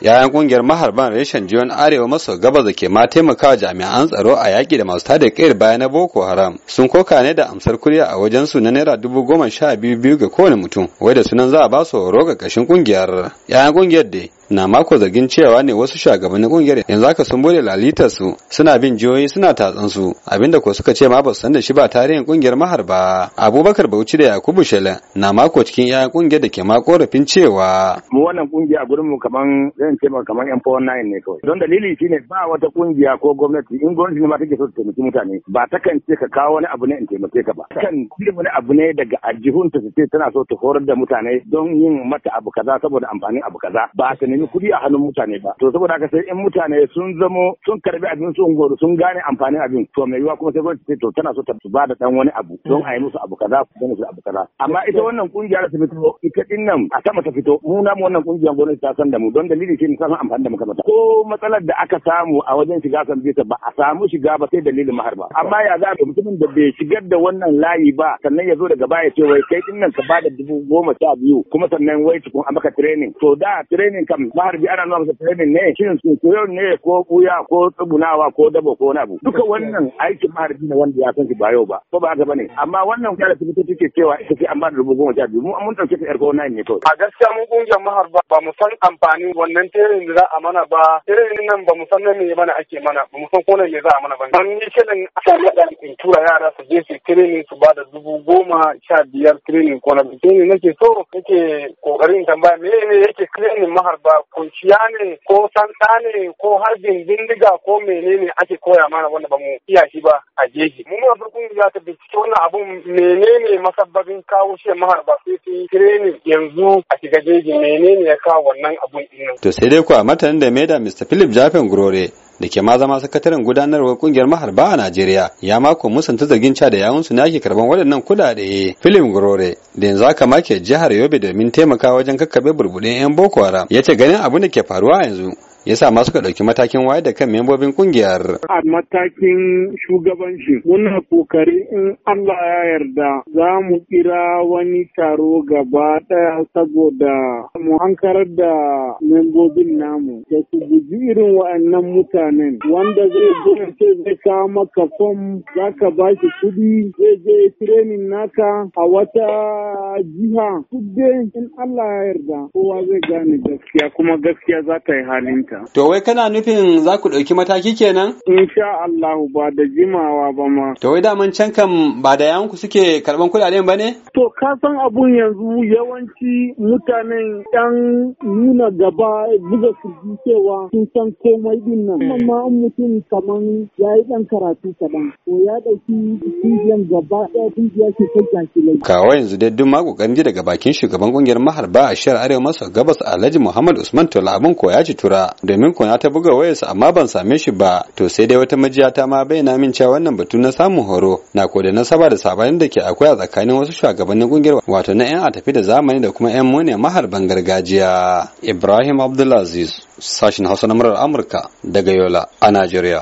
yayan kungiyar maharban reshen jiyon arewa maso gabas da ke ma taimakawa jami'an tsaro a yaƙi da masu tada kayar baya na boko haram sun koka ne da amsar kurya a wajen su na naira dubu goma sha biyu biyu ga kowane mutum wai da sunan za a ba su horo ga ƙashin kungiyar yayan kungiyar da. na mako zargin cewa ne wasu shugabannin kungiyar yanzu haka sun bude lalitar su suna bin jihohi suna tatsan su abinda ko suka ce ma ba su san da shi ba tarihin kungiyar maharba abubakar bauchi da yakubu shela na mako cikin yayan kungiyar da ke ma korafin cewa mu wannan kungiya gurin mu kaman zan ce maka kaman yan fawon nayin ne kawai don dalili shine ba wata kungiya ko gwamnati in gwamnati ne ma take so ta taimaki mutane ba ta kan ce ka kawo wani abu ne in taimake ka ba kan ce wani abu ne daga aljihun ta ce tana so ta horar da mutane don yin mata abu kaza saboda amfanin abu kaza ba ta nemi kuɗi a hannun mutane ba to saboda haka sai in mutane sun zamo sun karbi abin sun goro sun gane amfanin abin to mai yiwa kuma sai gwamnati to tana so ta ba da dan wani abu don a yi musu abu kaza ko musu abu kaza amma ita wannan kungiya da ta fito ita din nan a sama ta fito mu na mu wannan kungiyar gwamnati ta san da mu don dalili shi ne san amfani da makamata ko matsalar da aka samu a wajen shiga san bisa ba a samu shiga ba sai dalilin mahar ba amma ya za mutumin da bai shigar da wannan layi ba sannan ya zo daga baya ce wai kai din nan ka bada dubu goma sha biyu kuma sannan wai tukun a maka training to da training kam maharbi ana nuna masa training ne shin sun koyo ne ko buya ko tsugunawa ko dabo ko wani abu duka wannan aikin maharbi ne wanda ya san shi ba yau ba ko ba haka bane amma wannan kuma da fito take cewa ita ce an ba da dubu goma sha biyu mu mun ɗauke ta ko na ne kawai. a gaskiya mu kungiyar maharba ba mu san amfani wannan training da za a mana ba training nan ba mu san na ya bana ake mana ba mu san ko me za a mana ba. an yi shirin in tura yara su je su training su ba da dubu goma sha biyar training ko na bikin nake so nake kokarin tambaya me ne yake training maharba kunciya ne ko santa ne ko harbin bindiga ko menene ake koya mana wanda ba mu iya shi ba a jeji. Mun ma farkon ya ta bincike wannan abun menene masabbabin kawo shi maharba sai ta training yanzu a shiga jeji menene ya kawo wannan abun ina. To sai dai kuwa matanin da maida Mr. Philip Jafin Gurore da ke ma zama sakataren gudanarwar kungiyar maharba a Najeriya ya mako musanta zargin ca da yawun su ake karban waɗannan kuɗaɗe. Filim Gurore da yanzu aka make ke jihar Yobe domin taimaka wajen kakkabe burbuɗin 'yan Boko Haram ya ce ganin abin da ke faruwa yanzu ya sa ma suka ɗauki matakin wayar da kan membobin kungiyar. A matakin shugabanci muna kokari in Allah ya yarda za mu kira wani taro gaba ɗaya saboda mu hankarar da membobin namu da su guji irin wa'annan mutanen wanda zai gina ce zai kawo maka fom za ka ba shi kuɗi zai je training naka a wata jiha. Kudde in Allah ya yarda kowa zai gane gaskiya kuma gaskiya za ta yi halin Towai To wai kana nufin za ku ɗauki mataki kenan? Insha Allahu ba da jimawa ba ma. To wai daman can kan ba da yawanku suke karɓan kuɗaɗen ba ne? To ka san abun yanzu yawanci mutanen ɗan nuna gaba buga su cewa sun san komai ɗin nan. Eh. Amma an mutum kaman ya yi ɗan karatu kaɗan. To ya ɗauki kungiyan gaba ɗaya kungiya ce ta jakilai. Kawai yanzu dai duk mako daga bakin shugaban ƙungiyar maharba a shiyar arewa maso gabas Alhaji Muhammad Usman Tola abin koya ci tura domin kuna ta buga wayarsa amma ban same shi ba to sai dai wata majiya ta ma bayyana min cewa wannan batu na samun horo na ko da nasaba da sabanin da ke akwai a tsakanin wasu shugabannin kungiyar wato na yan a da zamani da kuma yan mone maharban gargajiya Ibrahim Abdulaziz sashin Hausa na murar Amurka daga Yola a Najeriya